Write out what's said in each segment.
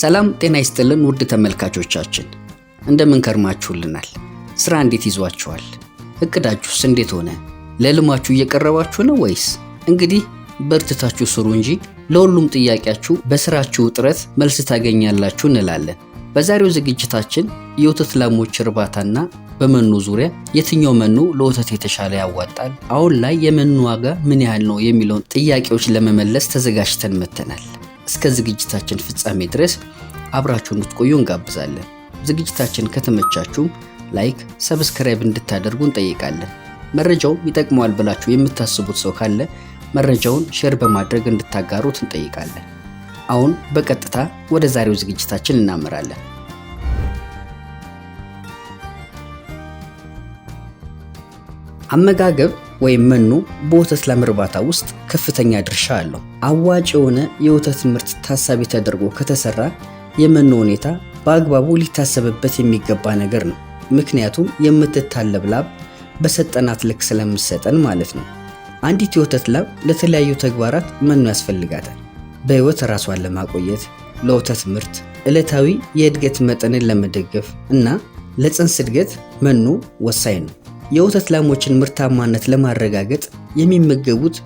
ሰላም ጤና ይስጥልን ውድ ተመልካቾቻችን፣ እንደምንከርማችሁልናል? ስራ እንዴት ይዟችኋል? እቅዳችሁስ እንዴት ሆነ? ለልማችሁ እየቀረባችሁ ነው ወይስ? እንግዲህ በርትታችሁ ስሩ እንጂ ለሁሉም ጥያቄያችሁ በስራችሁ ጥረት መልስ ታገኛላችሁ እንላለን። በዛሬው ዝግጅታችን የወተት ላሞች እርባታና በመኖ ዙሪያ የትኛው መኖ ለወተት የተሻለ ያዋጣል፣ አሁን ላይ የመኖ ዋጋ ምን ያህል ነው የሚለውን ጥያቄዎች ለመመለስ ተዘጋጅተን መተናል? እስከ ዝግጅታችን ፍጻሜ ድረስ አብራችሁን እንድትቆዩ እንጋብዛለን። ዝግጅታችን ከተመቻችሁ ላይክ፣ ሰብስክራይብ እንድታደርጉ እንጠይቃለን። መረጃው ይጠቅመዋል ብላችሁ የምታስቡት ሰው ካለ መረጃውን ሼር በማድረግ እንድታጋሩት እንጠይቃለን። አሁን በቀጥታ ወደ ዛሬው ዝግጅታችን እናመራለን። አመጋገብ ወይም መኖ በወተት ላም እርባታ ውስጥ ከፍተኛ ድርሻ አለው። አዋጭ የሆነ የወተት ምርት ታሳቢ ተደርጎ ከተሰራ የመኖ ሁኔታ በአግባቡ ሊታሰብበት የሚገባ ነገር ነው። ምክንያቱም የምትታለብ ላም በሰጠናት ልክ ስለምሰጠን ማለት ነው። አንዲት የወተት ላም ለተለያዩ ተግባራት መኖ ያስፈልጋታል። በሕይወት ራሷን ለማቆየት፣ ለወተት ምርት፣ ዕለታዊ የእድገት መጠንን ለመደገፍ እና ለጽንስ እድገት መኖ ወሳኝ ነው። የወተት ላሞችን ምርታማነት ለማረጋገጥ የሚመገቡት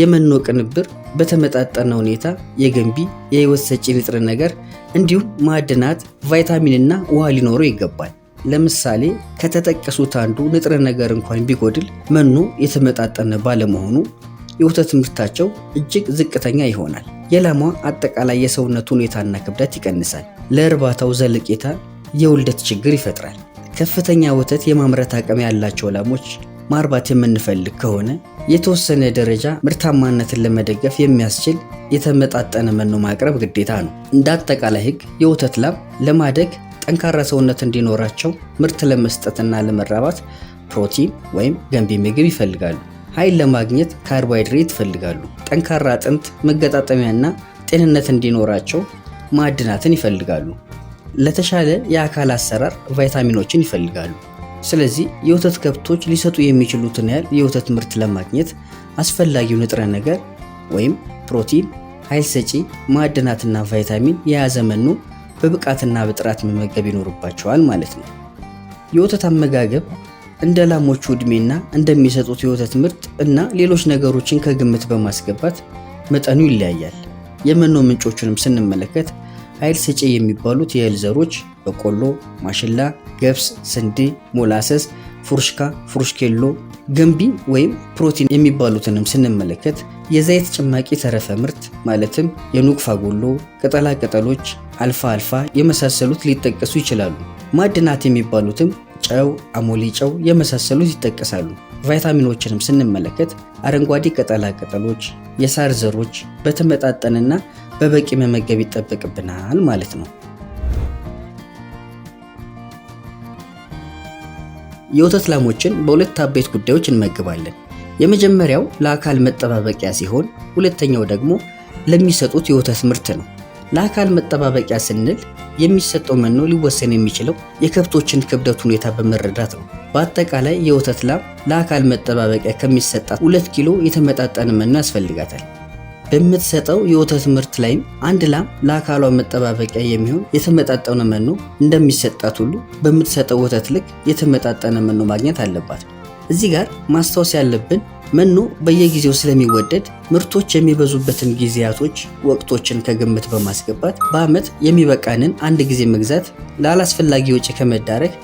የመኖ ቅንብር በተመጣጠነ ሁኔታ የገንቢ የህይወት ሰጪ ንጥረ ነገር እንዲሁም ማዕድናት፣ ቫይታሚንና ውሃ ሊኖረው ይገባል። ለምሳሌ ከተጠቀሱት አንዱ ንጥረ ነገር እንኳን ቢጎድል መኖ የተመጣጠነ ባለመሆኑ የወተት ምርታቸው እጅግ ዝቅተኛ ይሆናል። የላሟ አጠቃላይ የሰውነት ሁኔታና ክብደት ይቀንሳል። ለእርባታው ዘለቄታ የውልደት ችግር ይፈጥራል። ከፍተኛ ወተት የማምረት አቅም ያላቸው ላሞች ማርባት የምንፈልግ ከሆነ የተወሰነ ደረጃ ምርታማነትን ለመደገፍ የሚያስችል የተመጣጠነ መኖ ማቅረብ ግዴታ ነው። እንደ አጠቃላይ ሕግ የወተት ላም ለማደግ ጠንካራ ሰውነት እንዲኖራቸው ምርት ለመስጠትና ለመራባት ፕሮቲን ወይም ገንቢ ምግብ ይፈልጋሉ። ኃይል ለማግኘት ካርቦሃይድሬት ይፈልጋሉ። ጠንካራ አጥንት መገጣጠሚያና ጤንነት እንዲኖራቸው ማዕድናትን ይፈልጋሉ። ለተሻለ የአካል አሰራር ቫይታሚኖችን ይፈልጋሉ። ስለዚህ የወተት ከብቶች ሊሰጡ የሚችሉትን ያህል የወተት ምርት ለማግኘት አስፈላጊው ንጥረ ነገር ወይም ፕሮቲን፣ ኃይል ሰጪ ማዕድናትና ቫይታሚን የያዘ መኖ በብቃትና በጥራት መመገብ ይኖርባቸዋል ማለት ነው። የወተት አመጋገብ እንደ ላሞቹ ዕድሜና እንደሚሰጡት የወተት ምርት እና ሌሎች ነገሮችን ከግምት በማስገባት መጠኑ ይለያያል። የመኖ ምንጮቹንም ስንመለከት ኃይል ሰጪ የሚባሉት የእህል ዘሮች በቆሎ፣ ማሽላ፣ ገብስ፣ ስንዴ፣ ሞላሰስ፣ ፉርሽካ፣ ፉርሽኬሎ ገንቢ ወይም ፕሮቲን የሚባሉትንም ስንመለከት የዘይት ጭማቂ ተረፈ ምርት ማለትም የኑግ ፋጎሎ፣ ቅጠላ ቅጠሎች፣ አልፋ አልፋ የመሳሰሉት ሊጠቀሱ ይችላሉ። ማዕድናት የሚባሉትም ጨው፣ አሞሌ ጨው የመሳሰሉት ይጠቀሳሉ። ቫይታሚኖችንም ስንመለከት አረንጓዴ ቅጠላ ቅጠሎች፣ የሳር ዘሮች በተመጣጠንና በበቂ መመገብ ይጠበቅብናል ማለት ነው። የወተት ላሞችን በሁለት አበይት ጉዳዮች እንመግባለን። የመጀመሪያው ለአካል መጠባበቂያ ሲሆን፣ ሁለተኛው ደግሞ ለሚሰጡት የወተት ምርት ነው። ለአካል መጠባበቂያ ስንል የሚሰጠው መኖ ሊወሰን የሚችለው የከብቶችን ክብደት ሁኔታ በመረዳት ነው። በአጠቃላይ የወተት ላም ለአካል መጠባበቂያ ከሚሰጣት ሁለት ኪሎ የተመጣጠነ መኖ ያስፈልጋታል። በምትሰጠው የወተት ምርት ላይም አንድ ላም ለአካሏ መጠባበቂያ የሚሆን የተመጣጠነ መኖ እንደሚሰጣት ሁሉ በምትሰጠው ወተት ልክ የተመጣጠነ መኖ ማግኘት አለባት። እዚህ ጋር ማስታወስ ያለብን መኖ በየጊዜው ስለሚወደድ ምርቶች የሚበዙበትን ጊዜያቶች፣ ወቅቶችን ከግምት በማስገባት በዓመት የሚበቃንን አንድ ጊዜ መግዛት ላላስፈላጊ ወጪ ከመዳረግ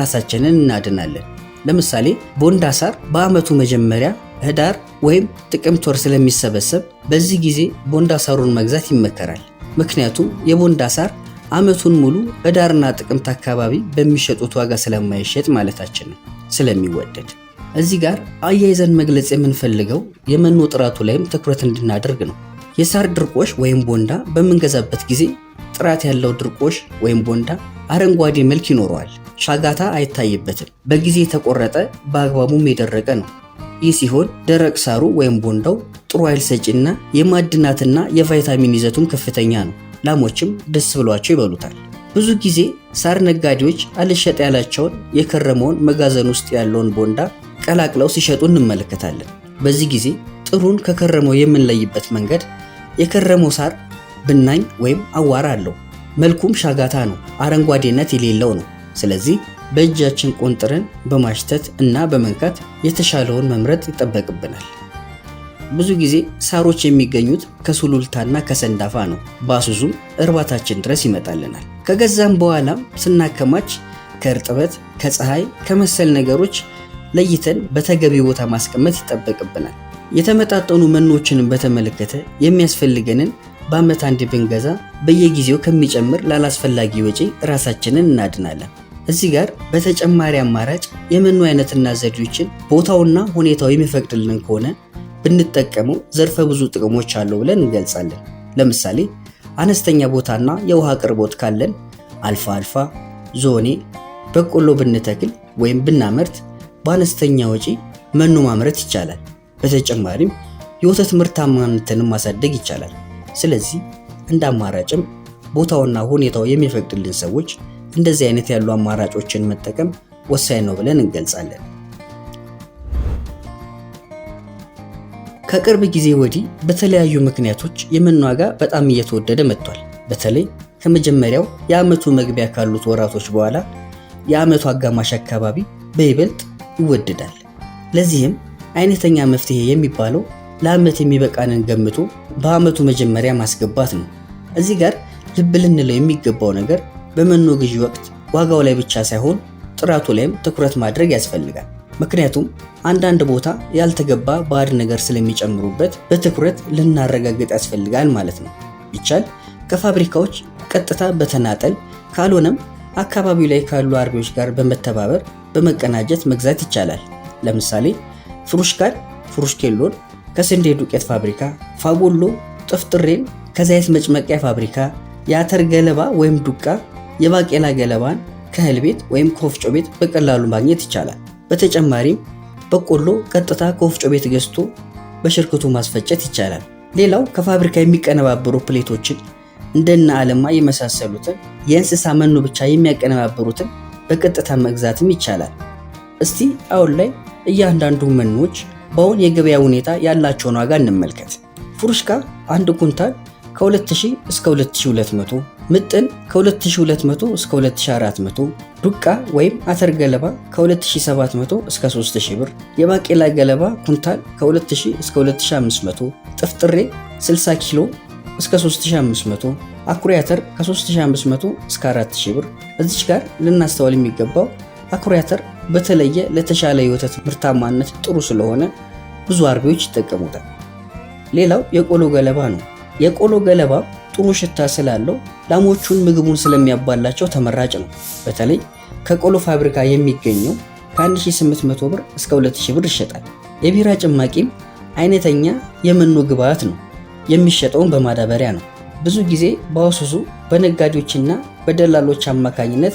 ራሳችንን እናድናለን። ለምሳሌ ቦንዳ ሳር በዓመቱ መጀመሪያ ህዳር ወይም ጥቅምት ወር ስለሚሰበሰብ በዚህ ጊዜ ቦንዳ ሳሩን መግዛት ይመከራል። ምክንያቱም የቦንዳ ሳር ዓመቱን ሙሉ በዳርና ጥቅምት አካባቢ በሚሸጡት ዋጋ ስለማይሸጥ ማለታችን ነው፣ ስለሚወደድ። እዚህ ጋር አያይዘን መግለጽ የምንፈልገው የመኖ ጥራቱ ላይም ትኩረት እንድናደርግ ነው። የሳር ድርቆሽ ወይም ቦንዳ በምንገዛበት ጊዜ ጥራት ያለው ድርቆሽ ወይም ቦንዳ አረንጓዴ መልክ ይኖረዋል። ሻጋታ አይታይበትም። በጊዜ የተቆረጠ በአግባቡም የደረቀ ነው። ይህ ሲሆን ደረቅ ሳሩ ወይም ቦንዳው ጥሩ ኃይል ሰጪና የማዕድናትና የቫይታሚን ይዘቱም ከፍተኛ ነው። ላሞችም ደስ ብሏቸው ይበሉታል። ብዙ ጊዜ ሳር ነጋዴዎች አልሸጥ ያላቸውን የከረመውን መጋዘን ውስጥ ያለውን ቦንዳ ቀላቅለው ሲሸጡ እንመለከታለን። በዚህ ጊዜ ጥሩን ከከረመው የምንለይበት መንገድ የከረመው ሳር ብናኝ ወይም አዋራ አለው። መልኩም ሻጋታ ነው፣ አረንጓዴነት የሌለው ነው። ስለዚህ በእጃችን ቆንጥረን በማሽተት እና በመንካት የተሻለውን መምረጥ ይጠበቅብናል። ብዙ ጊዜ ሳሮች የሚገኙት ከሱሉልታና ከሰንዳፋ ነው። ባስዙም እርባታችን ድረስ ይመጣልናል። ከገዛም በኋላም ስናከማች ከእርጥበት፣ ከፀሐይ፣ ከመሰል ነገሮች ለይተን በተገቢ ቦታ ማስቀመጥ ይጠበቅብናል። የተመጣጠኑ መኖችንም በተመለከተ የሚያስፈልገንን በዓመት አንድ ብንገዛ በየጊዜው ከሚጨምር ላላስፈላጊ ወጪ ራሳችንን እናድናለን። እዚህ ጋር በተጨማሪ አማራጭ የመኖ አይነትና ዘዴዎችን ቦታውና ሁኔታው የሚፈቅድልን ከሆነ ብንጠቀመው ዘርፈ ብዙ ጥቅሞች አለው ብለን እንገልጻለን። ለምሳሌ አነስተኛ ቦታና የውሃ አቅርቦት ካለን አልፋ አልፋ ዞኔ በቆሎ ብንተክል ወይም ብናመርት በአነስተኛ ወጪ መኖ ማምረት ይቻላል። በተጨማሪም የወተት ምርታማነትንም ማሳደግ ይቻላል። ስለዚህ እንደ አማራጭም ቦታውና ሁኔታው የሚፈቅድልን ሰዎች እንደዚህ አይነት ያሉ አማራጮችን መጠቀም ወሳኝ ነው ብለን እንገልጻለን። ከቅርብ ጊዜ ወዲህ በተለያዩ ምክንያቶች የመኖ ዋጋ በጣም እየተወደደ መጥቷል። በተለይ ከመጀመሪያው የዓመቱ መግቢያ ካሉት ወራቶች በኋላ የዓመቱ አጋማሽ አካባቢ በይበልጥ ይወደዳል። ለዚህም አይነተኛ መፍትሄ የሚባለው ለዓመት የሚበቃንን ገምቶ በዓመቱ መጀመሪያ ማስገባት ነው። እዚህ ጋር ልብ ልንለው የሚገባው ነገር በመኖ ግዢ ወቅት ዋጋው ላይ ብቻ ሳይሆን ጥራቱ ላይም ትኩረት ማድረግ ያስፈልጋል። ምክንያቱም አንዳንድ ቦታ ያልተገባ ባዕድ ነገር ስለሚጨምሩበት በትኩረት ልናረጋግጥ ያስፈልጋል ማለት ነው። ይቻል ከፋብሪካዎች ቀጥታ በተናጠል ካልሆነም አካባቢው ላይ ካሉ አርቢዎች ጋር በመተባበር በመቀናጀት መግዛት ይቻላል። ለምሳሌ ፍሩሽካን፣ ፍሩሽኬሎን ከስንዴ ዱቄት ፋብሪካ፣ ፋጎሎ ጥፍጥሬን ከዘይት መጭመቂያ ፋብሪካ፣ የአተር ገለባ ወይም ዱቃ የባቄላ ገለባን ከእህል ቤት ወይም ከወፍጮ ቤት በቀላሉ ማግኘት ይቻላል። በተጨማሪም በቆሎ ቀጥታ ከወፍጮ ቤት ገዝቶ በሽርክቱ ማስፈጨት ይቻላል። ሌላው ከፋብሪካ የሚቀነባበሩ ፕሌቶችን እንደነ አለማ የመሳሰሉትን የእንስሳ መኖ ብቻ የሚያቀነባበሩትን በቀጥታ መግዛትም ይቻላል። እስቲ አሁን ላይ እያንዳንዱ መኖዎች በአሁን የገበያ ሁኔታ ያላቸውን ዋጋ እንመልከት። ፍሩሽካ አንድ ኩንታል ከ2000 እስከ 2200 ምጥን ከ2200 እስከ 2400፣ ዱቃ ወይም አተር ገለባ ከ2700 እስከ 3000 ብር፣ የባቄላ ገለባ ኩንታል ከ2000 እስከ 2500፣ ጥፍጥሬ 60 ኪሎ እስከ 3500፣ አኩሪ አተር ከ3500 እስከ 4000 ብር። እዚች ጋር ልናስተዋል የሚገባው አኩሪ አተር በተለየ ለተሻለ የወተት ምርታማነት ጥሩ ስለሆነ ብዙ አርቢዎች ይጠቀሙታል። ሌላው የቆሎ ገለባ ነው። የቆሎ ገለባ ጥሩ ሽታ ስላለው ላሞቹን ምግቡን ስለሚያባላቸው ተመራጭ ነው። በተለይ ከቆሎ ፋብሪካ የሚገኘው ከ1800 ብር እስከ 2000 ብር ይሸጣል። የቢራ ጭማቂም አይነተኛ የመኖ ግብዓት ነው። የሚሸጠውን በማዳበሪያ ነው። ብዙ ጊዜ በአውሱዙ በነጋዴዎችና በደላሎች አማካኝነት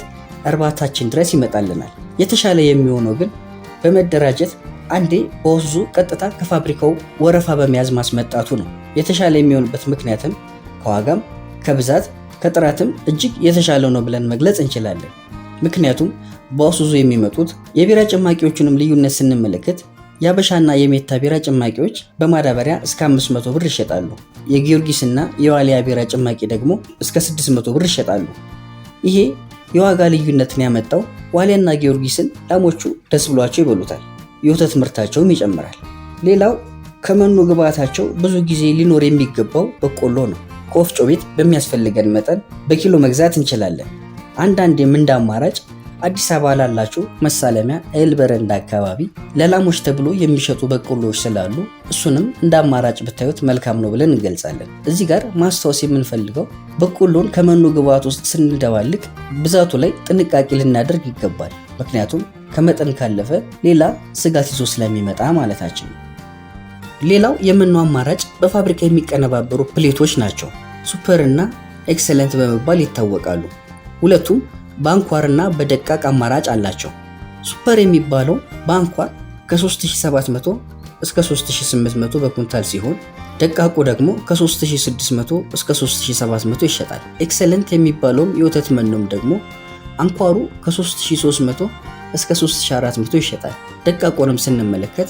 እርባታችን ድረስ ይመጣልናል። የተሻለ የሚሆነው ግን በመደራጀት አንዴ በአውሱዙ ቀጥታ ከፋብሪካው ወረፋ በመያዝ ማስመጣቱ ነው። የተሻለ የሚሆንበት ምክንያትም ከዋጋም ከብዛት ከጥራትም እጅግ የተሻለው ነው ብለን መግለጽ እንችላለን። ምክንያቱም በአሱዙ የሚመጡት የቢራ ጭማቂዎቹንም ልዩነት ስንመለከት የአበሻና የሜታ ቢራ ጭማቂዎች በማዳበሪያ እስከ 500 ብር ይሸጣሉ። የጊዮርጊስና የዋሊያ ቢራ ጭማቂ ደግሞ እስከ 600 ብር ይሸጣሉ። ይሄ የዋጋ ልዩነትን ያመጣው ዋሊያና ጊዮርጊስን ላሞቹ ደስ ብሏቸው ይበሉታል፣ የወተት ምርታቸውም ይጨምራል። ሌላው ከመኖ ግብዓታቸው ብዙ ጊዜ ሊኖር የሚገባው በቆሎ ነው። ከወፍጮ ቤት በሚያስፈልገን መጠን በኪሎ መግዛት እንችላለን። አንዳንዴም እንደ አማራጭ አዲስ አበባ ላላችሁ መሳለሚያ እህል በረንዳ አካባቢ ለላሞች ተብሎ የሚሸጡ በቆሎዎች ስላሉ እሱንም እንደ አማራጭ ብታዩት መልካም ነው ብለን እንገልጻለን። እዚህ ጋር ማስታወስ የምንፈልገው በቆሎን ከመኖ ግብዓት ውስጥ ስንደባልቅ ብዛቱ ላይ ጥንቃቄ ልናደርግ ይገባል። ምክንያቱም ከመጠን ካለፈ ሌላ ስጋት ይዞ ስለሚመጣ ማለታችን ነው። ሌላው የመኖ አማራጭ በፋብሪካ የሚቀነባበሩ ፕሌቶች ናቸው። ሱፐር እና ኤክሰለንት በመባል ይታወቃሉ። ሁለቱም በአንኳር እና በደቃቅ አማራጭ አላቸው። ሱፐር የሚባለው በአንኳር ከ3700 እስከ 3800 በኩንታል ሲሆን ደቃቁ ደግሞ ከ3600 እስከ 3700 ይሸጣል። ኤክሰለንት የሚባለውም የወተት መኖም ደግሞ አንኳሩ ከ3300 እስከ 3400 ይሸጣል። ደቃቁንም ስንመለከት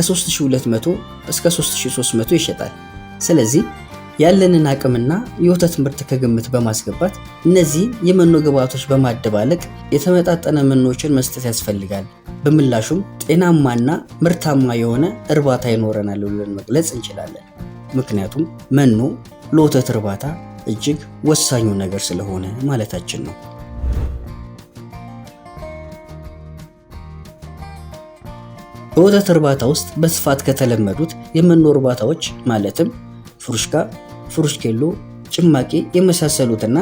ከ3200 እስከ 3300 ይሸጣል። ስለዚህ ያለንን አቅምና የወተት ምርት ከግምት በማስገባት እነዚህ የመኖ ግብዓቶች በማደባለቅ የተመጣጠነ መኖችን መስጠት ያስፈልጋል። በምላሹም ጤናማና ምርታማ የሆነ እርባታ ይኖረናል ብለን መግለጽ እንችላለን። ምክንያቱም መኖ ለወተት እርባታ እጅግ ወሳኙ ነገር ስለሆነ ማለታችን ነው። በወተት እርባታ ውስጥ በስፋት ከተለመዱት የመኖ እርባታዎች ማለትም ፍሩሽካ፣ ፍሩሽኬሎ፣ ጭማቂ የመሳሰሉትና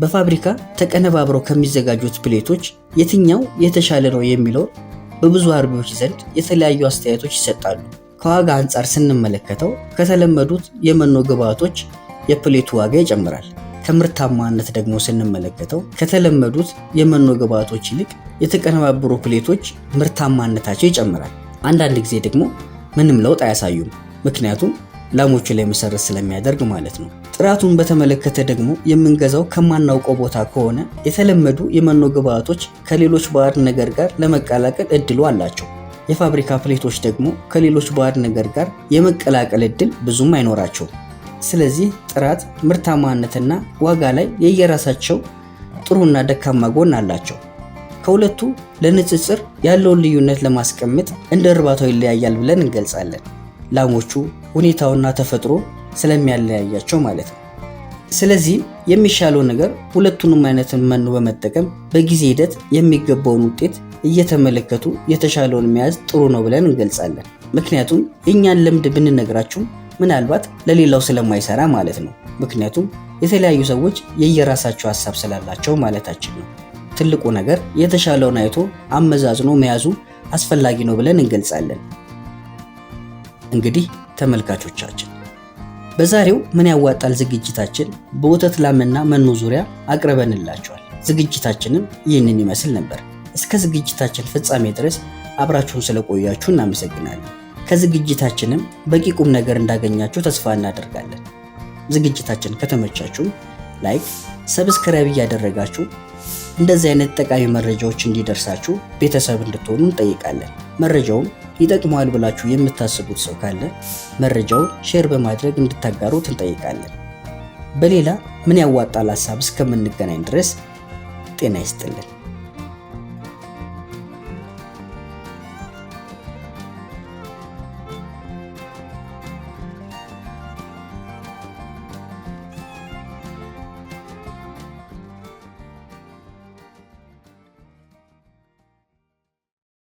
በፋብሪካ ተቀነባብረው ከሚዘጋጁት ፕሌቶች የትኛው የተሻለ ነው የሚለው በብዙ አርቢዎች ዘንድ የተለያዩ አስተያየቶች ይሰጣሉ። ከዋጋ አንጻር ስንመለከተው ከተለመዱት የመኖ ግብዓቶች የፕሌቱ ዋጋ ይጨምራል። ከምርታማነት ደግሞ ስንመለከተው ከተለመዱት የመኖ ግብዓቶች ይልቅ የተቀነባበሩ ፕሌቶች ምርታማነታቸው ይጨምራል። አንዳንድ ጊዜ ደግሞ ምንም ለውጥ አያሳዩም። ምክንያቱም ላሞቹ ላይ መሰረት ስለሚያደርግ ማለት ነው። ጥራቱን በተመለከተ ደግሞ የምንገዛው ከማናውቀው ቦታ ከሆነ የተለመዱ የመኖ ግብዓቶች ከሌሎች ባዕድ ነገር ጋር ለመቀላቀል እድሉ አላቸው። የፋብሪካ ፕሌቶች ደግሞ ከሌሎች ባዕድ ነገር ጋር የመቀላቀል እድል ብዙም አይኖራቸውም። ስለዚህ ጥራት፣ ምርታማነትና ዋጋ ላይ የየራሳቸው ጥሩና ደካማ ጎን አላቸው። ከሁለቱ ለንጽጽር ያለውን ልዩነት ለማስቀመጥ እንደ እርባታው ይለያያል ብለን እንገልጻለን። ላሞቹ ሁኔታውና ተፈጥሮ ስለሚያለያያቸው ማለት ነው። ስለዚህ የሚሻለው ነገር ሁለቱንም አይነትን መኖ በመጠቀም በጊዜ ሂደት የሚገባውን ውጤት እየተመለከቱ የተሻለውን መያዝ ጥሩ ነው ብለን እንገልጻለን። ምክንያቱም የእኛን ልምድ ብንነግራችሁም ምናልባት ለሌላው ስለማይሰራ ማለት ነው። ምክንያቱም የተለያዩ ሰዎች የየራሳቸው ሀሳብ ስላላቸው ማለታችን ነው። ትልቁ ነገር የተሻለውን አይቶ አመዛዝኖ መያዙ አስፈላጊ ነው ብለን እንገልጻለን። እንግዲህ ተመልካቾቻችን በዛሬው ምን ያዋጣል ዝግጅታችን በወተት ላምና መኖ ዙሪያ አቅርበንላቸዋል ዝግጅታችንም ይህንን ይመስል ነበር። እስከ ዝግጅታችን ፍጻሜ ድረስ አብራችሁን ስለቆያችሁ እናመሰግናለን። ከዝግጅታችንም በቂ ቁም ነገር እንዳገኛችሁ ተስፋ እናደርጋለን። ዝግጅታችን ከተመቻችሁ ላይክ፣ ሰብስክራይብ እያደረጋችሁ እንደዚህ አይነት ጠቃሚ መረጃዎች እንዲደርሳችሁ ቤተሰብ እንድትሆኑ እንጠይቃለን። መረጃውም ይጠቅመዋል ብላችሁ የምታስቡት ሰው ካለ መረጃውን ሼር በማድረግ እንድታጋሩት እንጠይቃለን። በሌላ ምን ያዋጣል ሀሳብ እስከምንገናኝ ድረስ ጤና ይስጥልን።